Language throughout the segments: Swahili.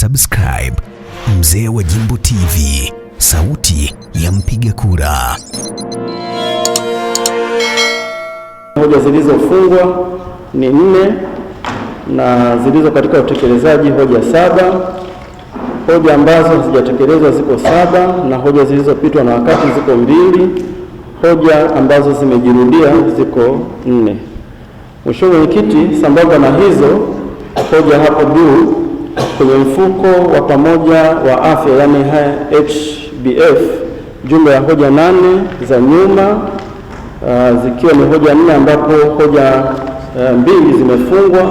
subscribe Mzee wa Jimbo TV, sauti ya mpiga kura. Hoja zilizofungwa ni nne na zilizo katika utekelezaji hoja saba. Hoja ambazo hazijatekelezwa ziko saba na hoja zilizopitwa na wakati ziko mbili. Hoja ambazo zimejirudia ziko nne. Mheshimiwa Mwenyekiti, sambamba na hizo hoja hapo juu kwenye mfuko wa pamoja wa afya yani HBF, jumla ya hoja nane za nyuma uh, zikiwa ni hoja nne ambapo hoja uh, mbili zimefungwa,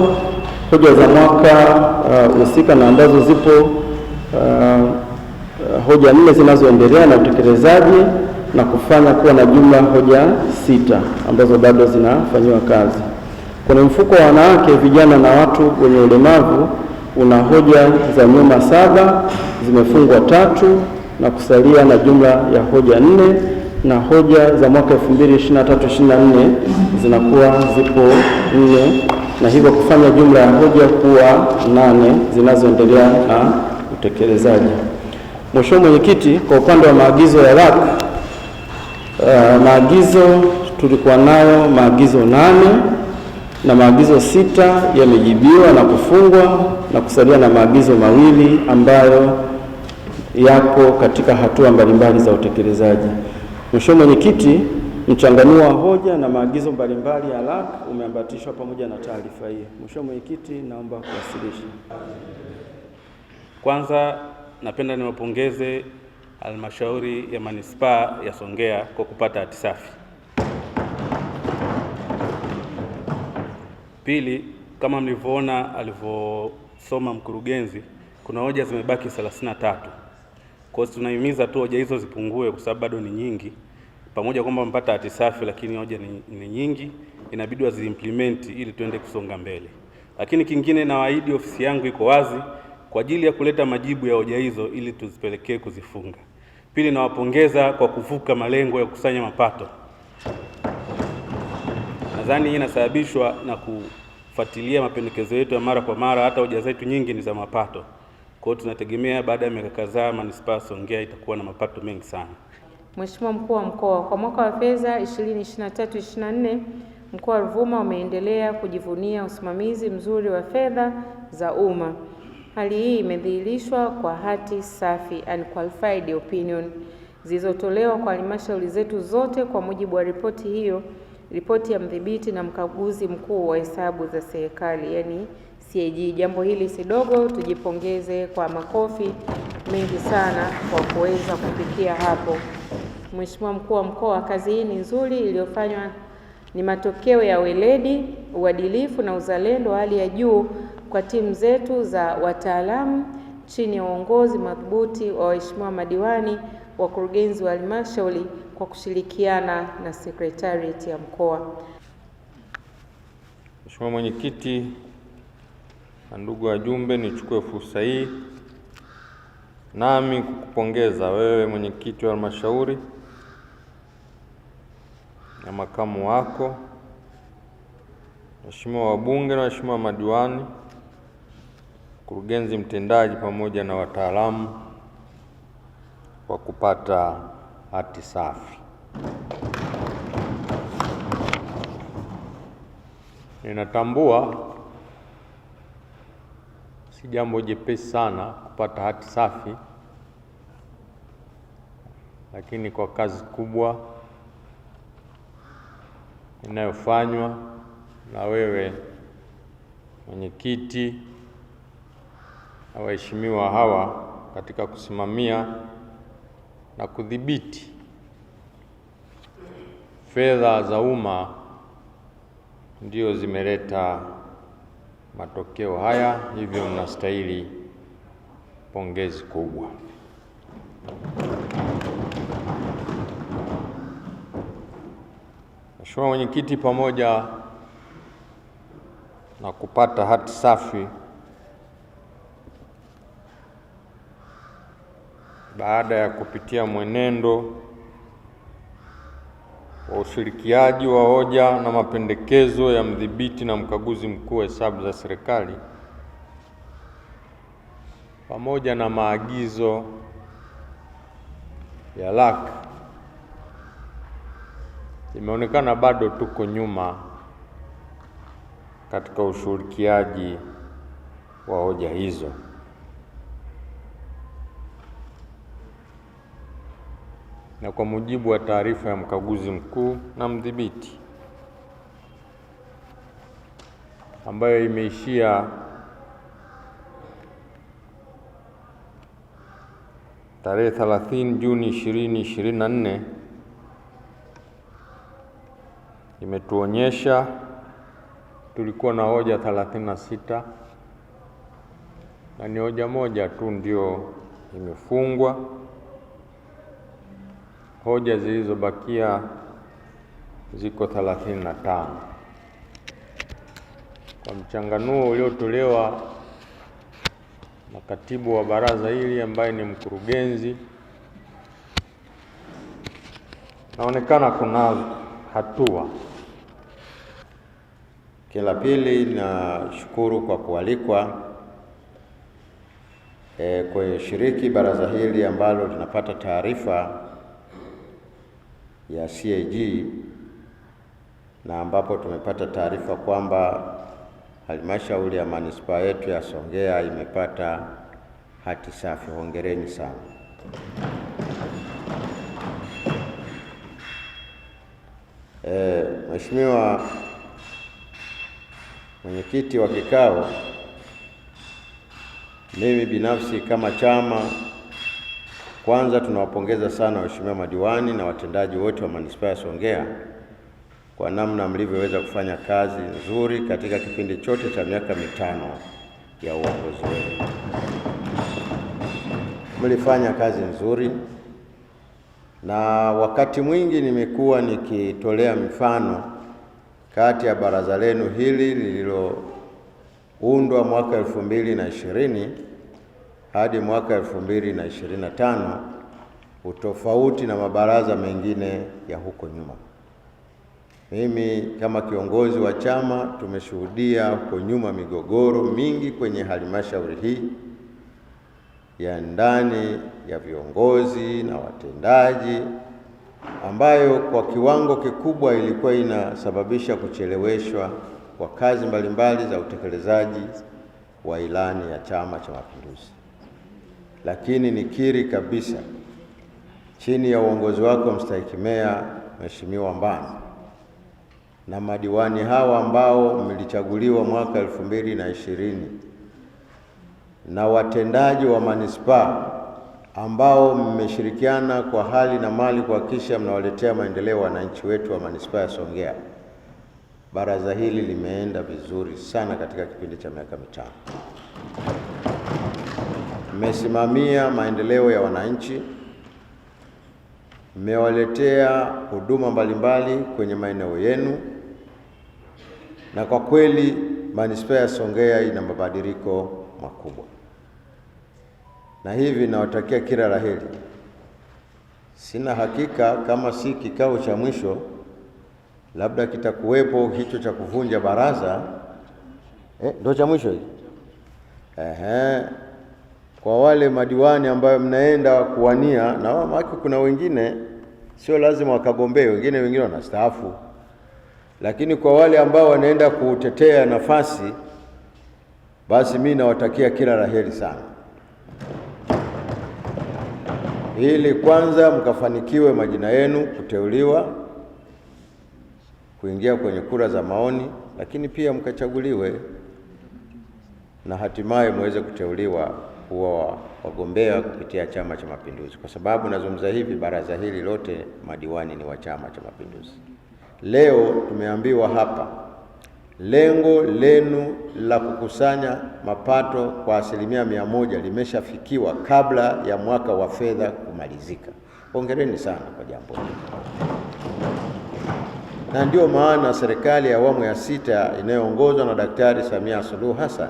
hoja za mwaka husika uh, na ambazo zipo uh, uh, hoja nne zinazoendelea na utekelezaji na kufanya kuwa na jumla hoja sita ambazo bado zinafanyiwa kazi. Kwenye mfuko wa wanawake, vijana na watu wenye ulemavu una hoja za nyuma saba zimefungwa tatu na kusalia na jumla ya hoja nne na hoja za mwaka 2023 24 zinakuwa zipo nne na hivyo kufanya jumla ya hoja kuwa nane zinazoendelea na utekelezaji. Mheshimiwa Mwenyekiti, kwa upande wa maagizo ya rak uh, eh, maagizo tulikuwa nayo maagizo nane na maagizo sita yamejibiwa na kufungwa na kusalia na maagizo mawili ambayo yapo katika hatua mbalimbali za utekelezaji. Mheshimiwa Mwenyekiti, mchanganuo wa hoja na maagizo mbalimbali ya LAC umeambatishwa pamoja na taarifa hii. Mheshimiwa Mwenyekiti, naomba kuwasilisha. Kwanza napenda niwapongeze halmashauri ya manispaa ya Songea kwa kupata hati safi. Pili, kama mlivyoona alivyosoma mkurugenzi, kuna hoja zimebaki 33. Kwa hiyo tunahimiza tu hoja hizo zipungue, kwa sababu bado ni nyingi. Pamoja kwamba mpata hati safi, lakini hoja ni, ni nyingi, inabidi waziimplement ili tuende kusonga mbele. Lakini kingine, nawaahidi ofisi yangu iko wazi kwa ajili ya kuleta majibu ya hoja hizo ili tuzipelekee kuzifunga. Pili, nawapongeza kwa kuvuka malengo ya kukusanya mapato. Nadhani hii inasababishwa na kufuatilia mapendekezo yetu ya mara kwa mara, hata hoja zetu nyingi ni za mapato. Kwa hiyo tunategemea baada ya miaka kadhaa manispaa Songea itakuwa na mapato mengi sana. Mheshimiwa Mkuu wa Mkoa, kwa mwaka wa fedha 2023/24 mkoa wa Ruvuma umeendelea kujivunia usimamizi mzuri wa fedha za umma. Hali hii imedhihirishwa kwa hati safi unqualified opinion zilizotolewa kwa halmashauri zetu zote kwa mujibu wa ripoti hiyo ripoti ya mdhibiti na mkaguzi mkuu wa hesabu za serikali yani CAG. Jambo hili si dogo, tujipongeze kwa makofi mengi sana kwa kuweza kufikia hapo. Mheshimiwa mkuu wa mkoa, kazi hii ni nzuri iliyofanywa, ni matokeo ya weledi, uadilifu na uzalendo wa hali ya juu kwa timu zetu za wataalamu chini ya uongozi madhubuti wa waheshimiwa madiwani, wakurugenzi wa halmashauri kwa kushirikiana na sekretarieti ya mkoa. Mheshimiwa Mwenyekiti na ndugu wajumbe, nichukue fursa hii nami kukupongeza wewe mwenyekiti wa halmashauri na makamu wako, waheshimiwa wabunge na waheshimiwa madiwani, mkurugenzi mtendaji pamoja na wataalamu kwa kupata hati safi. Ninatambua si jambo jepesi sana kupata hati safi, lakini kwa kazi kubwa inayofanywa na wewe mwenyekiti na waheshimiwa hawa katika kusimamia na kudhibiti fedha za umma ndio zimeleta matokeo haya, hivyo mnastahili pongezi kubwa. Mheshimiwa Mwenyekiti, pamoja na kupata hati safi baada ya kupitia mwenendo wa ushirikiaji wa hoja na mapendekezo ya mdhibiti na mkaguzi mkuu wa hesabu za serikali pamoja na maagizo ya lak imeonekana bado tuko nyuma katika ushirikiaji wa hoja hizo. na kwa mujibu wa taarifa ya mkaguzi mkuu na mdhibiti ambayo imeishia tarehe 30 Juni 2024 imetuonyesha tulikuwa na hoja 36 na ni hoja moja tu ndio imefungwa. Hoja zilizobakia ziko thelathini na tano. Kwa mchanganuo uliotolewa na katibu wa baraza hili ambaye ni mkurugenzi, naonekana kuna hatua. Kila pili, nashukuru kwa kualikwa e, shiriki baraza hili ambalo tunapata taarifa ya CAG na ambapo tumepata taarifa kwamba halmashauri ya manispaa yetu ya Songea imepata hati safi. Hongereni sana. E, Mheshimiwa mwenyekiti wa kikao, mimi binafsi kama chama kwanza tunawapongeza sana waheshimiwa madiwani na watendaji wote wa manispaa ya Songea kwa namna mlivyoweza kufanya kazi nzuri katika kipindi chote cha miaka mitano ya uongozi wenu. Mlifanya kazi nzuri, na wakati mwingi nimekuwa nikitolea mifano kati ya baraza lenu hili lililoundwa mwaka elfu mbili na ishirini hadi mwaka 2025 utofauti na mabaraza mengine ya huko nyuma. Mimi kama kiongozi wa chama, tumeshuhudia huko nyuma migogoro mingi kwenye halmashauri hii ya ndani ya viongozi na watendaji ambayo kwa kiwango kikubwa ilikuwa inasababisha kucheleweshwa kwa kazi mbalimbali za utekelezaji wa ilani ya Chama cha Mapinduzi lakini nikiri kabisa chini ya uongozi wako mstahiki meya Mheshimiwa Mbani na madiwani hawa ambao mlichaguliwa mwaka elfu mbili na ishirini na watendaji wa manispaa ambao mmeshirikiana kwa hali na mali kuhakikisha mnawaletea maendeleo wananchi wetu wa manispaa ya Songea. Baraza hili limeenda vizuri sana katika kipindi cha miaka mitano mmesimamia maendeleo ya wananchi, mmewaletea huduma mbalimbali kwenye maeneo yenu, na kwa kweli manispaa ya Songea ina mabadiliko makubwa, na hivi nawatakia kila la heri. Sina hakika kama si kikao cha mwisho, labda kitakuwepo hicho cha kuvunja baraza. Eh, ndio cha mwisho hii. Ehe kwa wale madiwani ambayo mnaenda kuwania na wao, kuna wengine sio lazima wakagombee, wengine wengine wanastaafu, lakini kwa wale ambao wanaenda kutetea nafasi, basi mimi nawatakia kila laheri sana, ili kwanza mkafanikiwe majina yenu kuteuliwa kuingia kwenye kura za maoni, lakini pia mkachaguliwe na hatimaye muweze kuteuliwa kuwa wagombea kupitia Chama cha Mapinduzi. Kwa sababu nazungumza hivi, baraza hili lote madiwani ni wa Chama cha Mapinduzi. Leo tumeambiwa hapa lengo lenu la kukusanya mapato kwa asilimia mia moja limeshafikiwa kabla ya mwaka wa fedha kumalizika. Hongereni sana kwa jambo hili, na ndiyo maana serikali ya awamu ya sita inayoongozwa na Daktari Samia Suluhu Hassan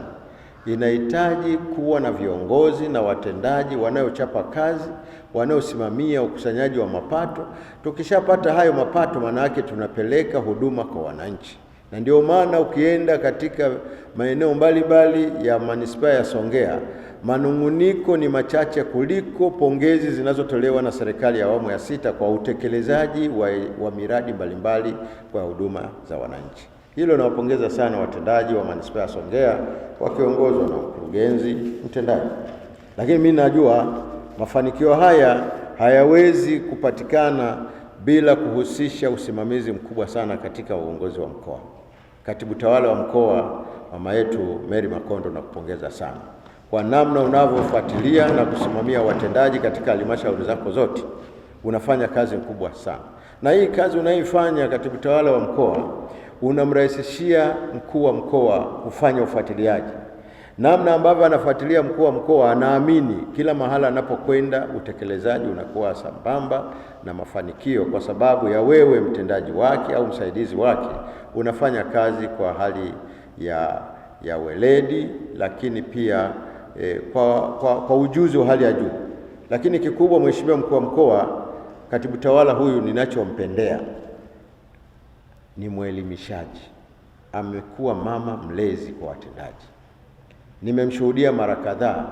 inahitaji kuwa na viongozi na watendaji wanayochapa kazi, wanaosimamia ukusanyaji wa mapato. Tukishapata hayo mapato, maana yake tunapeleka huduma kwa wananchi, na ndio maana ukienda katika maeneo mbalimbali ya manispaa ya Songea manung'uniko ni machache kuliko pongezi zinazotolewa na serikali ya awamu ya sita kwa utekelezaji wa, wa miradi mbalimbali kwa huduma za wananchi. Hilo nawapongeza sana watendaji wa manispaa ya Songea wakiongozwa na mkurugenzi mtendaji. Lakini mimi najua mafanikio haya hayawezi kupatikana bila kuhusisha usimamizi mkubwa sana katika uongozi wa mkoa. Katibu tawala wa mkoa mama yetu Mary Makondo, nakupongeza sana kwa namna unavyofuatilia na kusimamia watendaji katika halmashauri zako zote. Unafanya kazi kubwa sana, na hii kazi unayoifanya katibu tawala wa mkoa unamrahisishia mkuu wa mkoa kufanya ufuatiliaji. Namna ambavyo anafuatilia mkuu wa mkoa, anaamini kila mahala anapokwenda utekelezaji unakuwa sambamba na mafanikio, kwa sababu ya wewe mtendaji wake au msaidizi wake unafanya kazi kwa hali ya, ya weledi, lakini pia eh, kwa, kwa, kwa ujuzi wa hali ya juu. Lakini kikubwa, Mheshimiwa mkuu wa mkoa, katibu tawala huyu ninachompendea ni mwelimishaji, amekuwa mama mlezi kwa watendaji. Nimemshuhudia mara kadhaa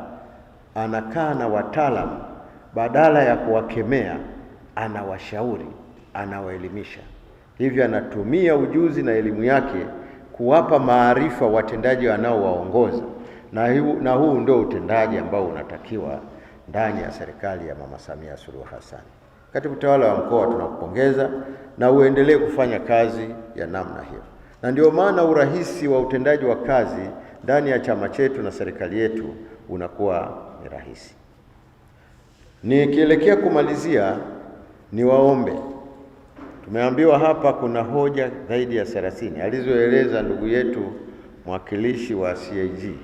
anakaa na wataalamu, badala ya kuwakemea anawashauri, anawaelimisha. Hivyo anatumia ujuzi na elimu yake kuwapa maarifa watendaji wanaowaongoza, na huu, na huu ndio utendaji ambao unatakiwa ndani ya serikali ya Mama Samia Suluhu Hassan. Katibu Tawala wa Mkoa, tunakupongeza na uendelee kufanya kazi ya namna hiyo, na ndio maana urahisi wa utendaji wa kazi ndani ya chama chetu na serikali yetu unakuwa ni rahisi. Nikielekea kumalizia, niwaombe, tumeambiwa hapa kuna hoja zaidi ya 30 alizoeleza ndugu yetu mwakilishi wa CAG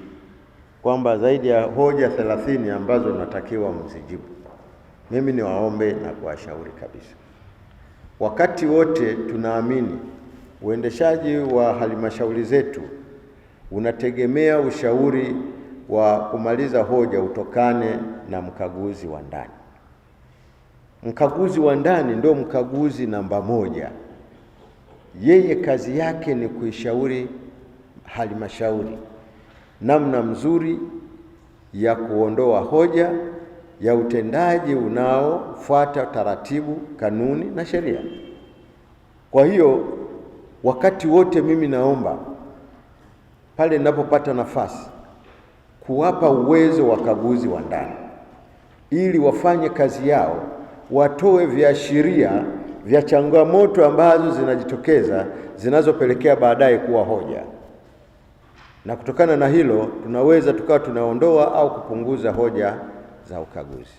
kwamba zaidi ya hoja 30 ambazo natakiwa mzijibu. Mimi niwaombe na kuwashauri kabisa, wakati wote tunaamini uendeshaji wa halmashauri zetu unategemea ushauri wa kumaliza hoja utokane na mkaguzi wa ndani. Mkaguzi wa ndani ndio mkaguzi namba moja. Yeye kazi yake ni kuishauri halmashauri namna mzuri ya kuondoa hoja ya utendaji unaofuata taratibu, kanuni na sheria. Kwa hiyo wakati wote mimi naomba pale ninapopata nafasi kuwapa uwezo wakaguzi wa ndani ili wafanye kazi yao, watoe viashiria vya changamoto ambazo zinajitokeza zinazopelekea baadaye kuwa hoja, na kutokana na hilo tunaweza tukawa tunaondoa au kupunguza hoja za ukaguzi.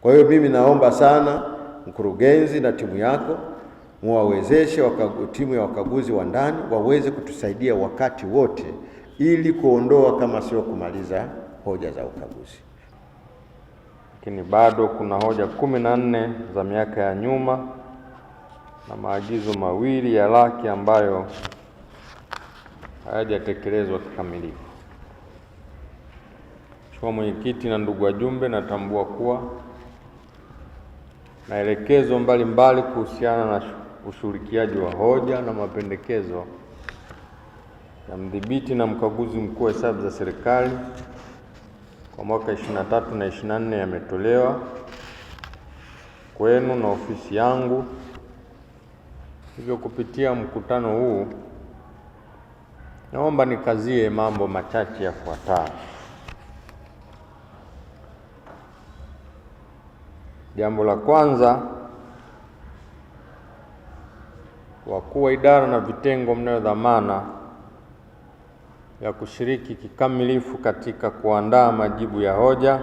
Kwa hiyo mimi naomba sana mkurugenzi na timu yako muwawezeshe timu ya wakaguzi wa ndani waweze kutusaidia wakati wote, ili kuondoa kama sio kumaliza hoja za ukaguzi. Lakini bado kuna hoja kumi na nne za miaka ya nyuma na maagizo mawili ya laki ambayo hayajatekelezwa kikamilifu. Mheshimiwa Mwenyekiti na ndugu wajumbe, natambua kuwa maelekezo mbalimbali kuhusiana na ushughulikiaji wa hoja na mapendekezo ya mdhibiti na mkaguzi mkuu wa hesabu za serikali kwa mwaka 23 na 24 yametolewa kwenu na ofisi yangu. Hivyo, kupitia mkutano huu, naomba nikazie mambo machache yafuatayo. Jambo la kwanza, wakuu wa idara na vitengo mnayo dhamana ya kushiriki kikamilifu katika kuandaa majibu ya hoja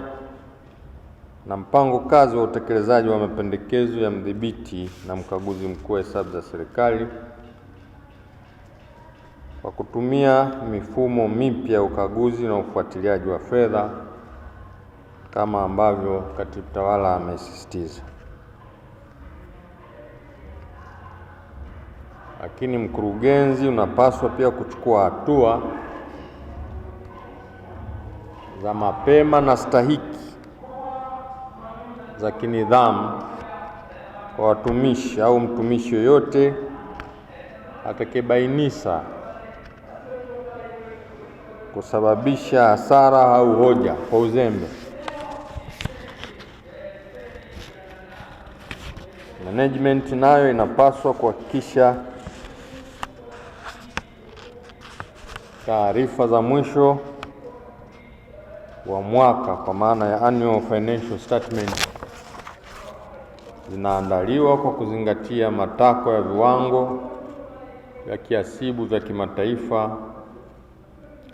na mpango kazi wa utekelezaji wa mapendekezo ya mdhibiti na mkaguzi mkuu wa hesabu za serikali kwa kutumia mifumo mipya ya ukaguzi na ufuatiliaji wa fedha kama ambavyo katibu tawala amesisitiza. Lakini mkurugenzi unapaswa pia kuchukua hatua za mapema na stahiki za kinidhamu kwa watumishi au mtumishi yoyote atakayebainisha kusababisha hasara au hoja kwa uzembe. Management nayo inapaswa kuhakikisha taarifa za mwisho wa mwaka kwa maana ya annual financial statement zinaandaliwa kwa kuzingatia matakwa ya viwango vya kiasibu vya kimataifa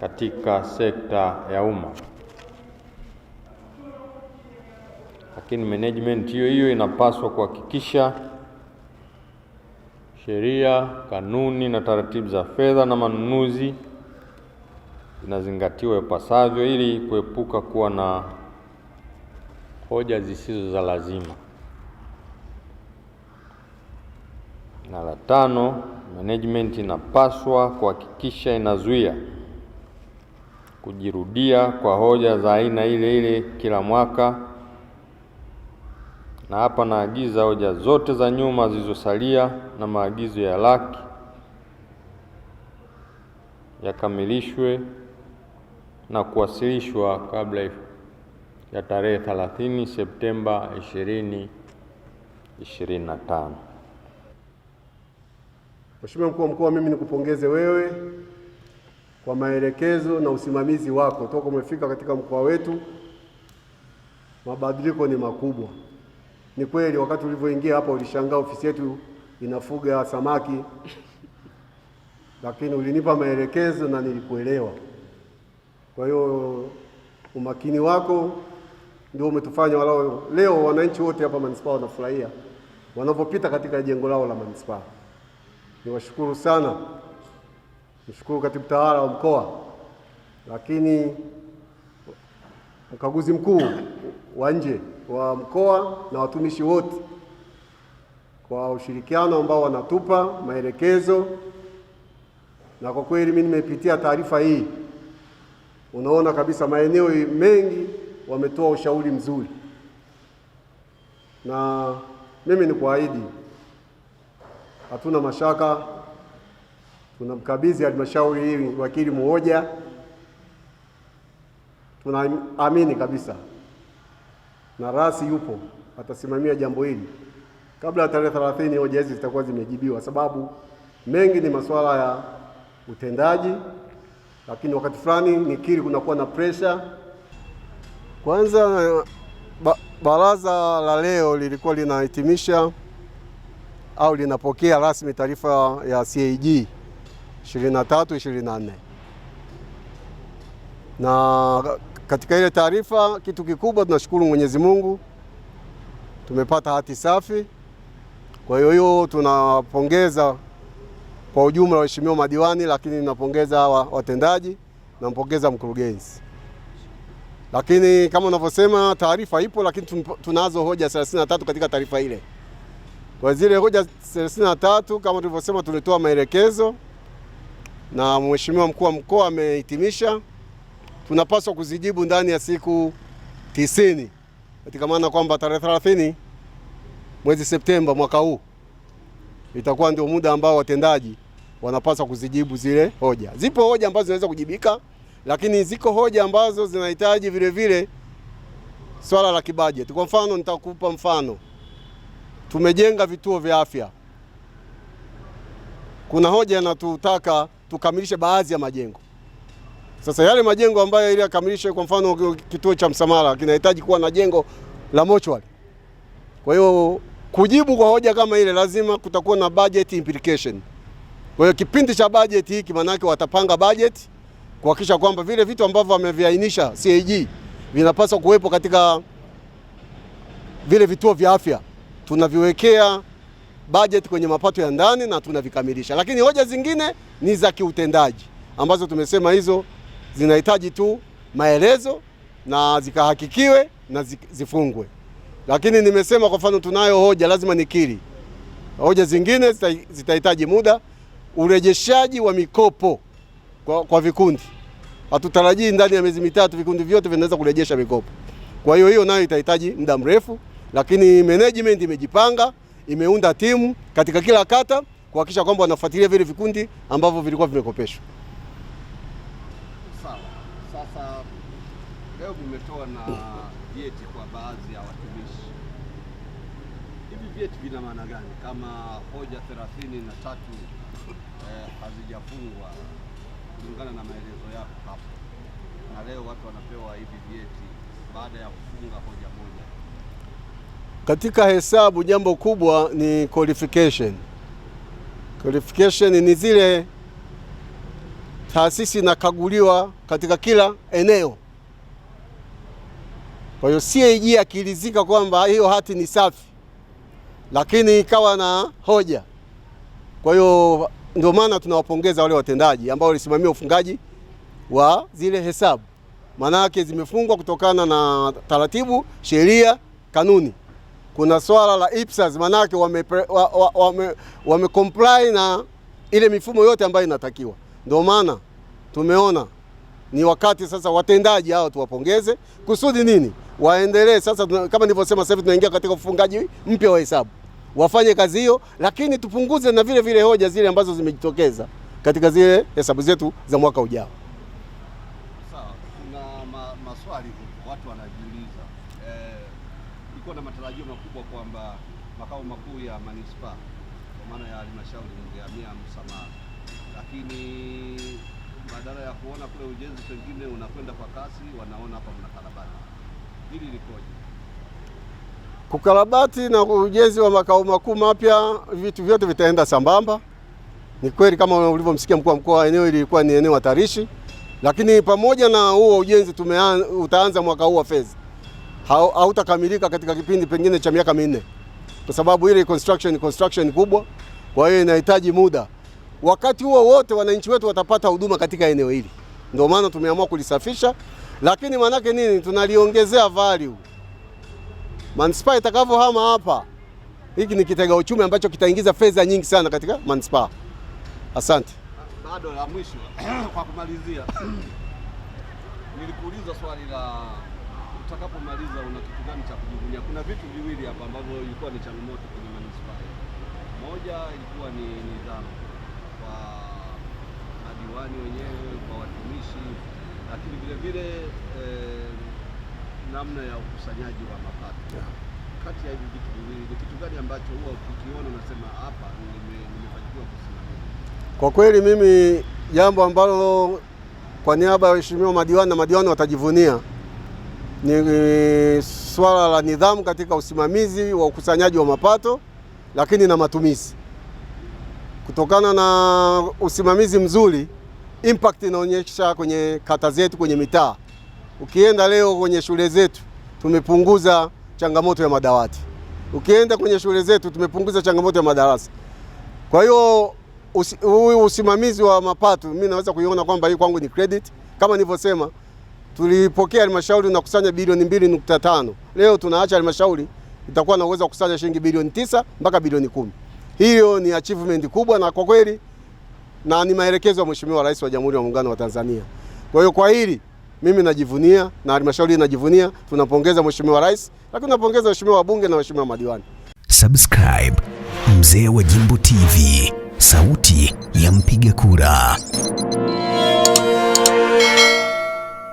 katika sekta ya umma. lakini management hiyo hiyo inapaswa kuhakikisha sheria, kanuni na taratibu za fedha na manunuzi zinazingatiwa ipasavyo ili kuepuka kuwa na hoja zisizo za lazima. Na la tano, management inapaswa kuhakikisha inazuia kujirudia kwa hoja za aina ile ile kila mwaka na hapa naagiza hoja zote za nyuma zilizosalia na maagizo ya laki yakamilishwe na kuwasilishwa kabla ya tarehe 30 Septemba 2025. Mheshimiwa Mkuu wa Mkoa, mimi nikupongeze wewe kwa maelekezo na usimamizi wako toka umefika katika mkoa wetu. Mabadiliko ni makubwa. Ni kweli wakati ulivyoingia hapa ulishangaa ofisi yetu inafuga samaki, lakini ulinipa maelekezo na nilikuelewa. Kwa hiyo umakini wako ndio umetufanya walao leo wananchi wote hapa manispaa wanafurahia wanapopita katika jengo lao la manispaa. Niwashukuru sana, mshukuru katibu tawala wa mkoa, lakini mkaguzi mkuu wa nje wa mkoa na watumishi wote kwa ushirikiano ambao wanatupa maelekezo, na kwa kweli mimi nimepitia taarifa hii, unaona kabisa maeneo mengi wametoa ushauri mzuri, na mimi ni kuahidi, hatuna mashaka, tunamkabidhi halmashauri hii wakili mmoja, tunaamini kabisa na rasi yupo atasimamia jambo hili. Kabla ya tarehe 30 hoja hizi zitakuwa zimejibiwa, sababu mengi ni masuala ya utendaji, lakini wakati fulani nikiri kunakuwa na pressure. Kwanza ba, baraza la leo lilikuwa linahitimisha au linapokea rasmi taarifa ya CAG 23 24 na katika ile taarifa, kitu kikubwa tunashukuru Mwenyezi Mungu tumepata hati safi. Kwa hiyo hiyo tunapongeza kwa ujumla waheshimiwa madiwani, lakini ninapongeza watendaji, nampongeza mkurugenzi. Lakini kama unavyosema taarifa ipo, lakini tunazo hoja 33 katika taarifa ile. Kwa zile hoja 33 kama tulivyosema, tulitoa maelekezo na mheshimiwa mkuu wa mkoa amehitimisha tunapaswa kuzijibu ndani ya siku tisini katika maana kwamba tarehe 30 mwezi Septemba mwaka huu itakuwa ndio muda ambao watendaji wanapaswa kuzijibu zile hoja. Zipo hoja ambazo zinaweza kujibika, lakini ziko hoja ambazo zinahitaji vile vile swala la kibajeti. Kwa mfano, nitakupa mfano, tumejenga vituo vya afya. Kuna hoja inatutaka tukamilishe baadhi ya majengo sasa yale majengo ambayo ili akamilishe, kwa mfano kituo cha Msamala kinahitaji kuwa na jengo la mochwali. Kwa hiyo kujibu kwa hoja kama ile, lazima kutakuwa na budget implication. Kwa hiyo kipindi cha budget hiki, maanake watapanga budget kuhakikisha kwamba vile vitu ambavyo wameviainisha CAG vinapaswa kuwepo katika vile vituo vya afya, tunaviwekea budget kwenye mapato ya ndani na tunavikamilisha. Lakini hoja zingine ni za kiutendaji ambazo tumesema hizo zinahitaji tu maelezo na zikahakikiwe na zifungwe. Lakini nimesema kwa mfano, tunayo hoja, lazima nikiri, hoja zingine zitahitaji muda. Urejeshaji wa mikopo kwa, kwa vikundi, hatutarajii ndani ya miezi mitatu vikundi vyote vinaweza kurejesha mikopo. Kwa hiyo hiyo nayo itahitaji muda mrefu, lakini management imejipanga, imeunda timu katika kila kata kuhakikisha kwamba wanafuatilia vile vikundi ambavyo vilikuwa vimekopeshwa. kuwa na vyeti kwa baadhi ya watumishi. Hivi vyeti vina maana gani kama hoja thelathini na tatu eh, hazijafungwa kulingana na maelezo yako hapo, na leo watu wanapewa hivi vyeti baada ya kufunga hoja moja? Katika hesabu jambo kubwa ni qualification. Qualification ni zile taasisi inakaguliwa katika kila eneo kwa hiyo CAG akilizika kwamba hiyo hati ni safi, lakini ikawa na hoja. Kwa hiyo ndio maana tunawapongeza wale watendaji ambao walisimamia ufungaji wa zile hesabu, yake zimefungwa kutokana na taratibu, sheria, kanuni. Kuna swala la IPSAS, maanake wame, wame, wame, wame comply na ile mifumo yote ambayo inatakiwa, ndio maana tumeona ni wakati sasa watendaji hao tuwapongeze kusudi nini waendelee sasa. Kama nilivyosema, sasa tunaingia katika ufungaji mpya wa hesabu, wafanye kazi hiyo, lakini tupunguze na vile vile hoja zile ambazo zimejitokeza katika zile hesabu zetu za mwaka ujao. Sawa, kuna ma, maswali watu wanajiuliza eh, iko na matarajio makubwa kwamba makao makuu ya manispaa kwa maana ya halmashauri yahamia msamaha, lakini kuona kule ujenzi pengine unakwenda kwa kasi, wanaona hapa mnakarabati. Hili likoje? Kukarabati na ujenzi wa makao makuu mapya, vitu vyote vitaenda sambamba. Ni kweli kama ulivyomsikia mkuu wa mkoa, eneo lilikuwa ni eneo hatarishi, lakini pamoja na huo ujenzi utaanza mwaka huu wa fedha, hautakamilika katika kipindi pengine cha miaka minne, kwa sababu ile construction construction kubwa, kwa hiyo inahitaji muda wakati huo wote wananchi wetu watapata huduma katika eneo hili. Ndio maana tumeamua kulisafisha, lakini maanake nini? Tunaliongezea value. Manispaa itakavyohama hapa, hiki ni kitega uchumi ambacho kitaingiza fedha nyingi sana katika manispaa. Asante. Bado la mwisho kwa kumalizia, nilikuuliza swali la utakapomaliza una kitu gani cha kujivunia? Kuna vitu viwili hapa ambavyo ilikuwa ni changamoto kwenye manispaa. Moja ilikuwa ni nidhamu kwa madiwani wenyewe, kwa watumishi, lakini vile vile eh, namna ya ukusanyaji wa mapato yeah. Kati ya hivi vitu viwili ni kitu gani ambacho huwa ukikiona unasema hapa nimefanikiwa kusimamia? Kwa kweli mimi jambo ambalo kwa niaba ya waheshimiwa madiwani na madiwani watajivunia ni swala la nidhamu katika usimamizi wa ukusanyaji wa mapato, lakini na matumizi. Kutokana na usimamizi mzuri, impact inaonyesha kwenye kata zetu, kwenye mitaa. Ukienda leo kwenye shule zetu tumepunguza changamoto ya madawati, ukienda kwenye shule zetu tumepunguza changamoto ya madarasa. Kwa hiyo huyu usimamizi wa mapato mimi naweza kuiona kwamba hii kwangu ni credit. Kama nilivyosema, tulipokea halmashauri na kusanya bilioni mbili nukta tano. Leo tunaacha halmashauri itakuwa na uwezo wa kusanya shilingi bilioni tisa mpaka bilioni kumi. Hiyo ni achievement kubwa, na kwa kweli na ni maelekezo ya Mheshimiwa Rais wa Jamhuri ya Muungano wa Tanzania. Kwa hiyo kwa hili mimi najivunia na halmashauri inajivunia. tunapongeza Mheshimiwa Rais, lakini tunapongeza Mheshimiwa wabunge na Mheshimiwa madiwani. Subscribe Mzee wa Jimbo TV, sauti ya mpiga kura.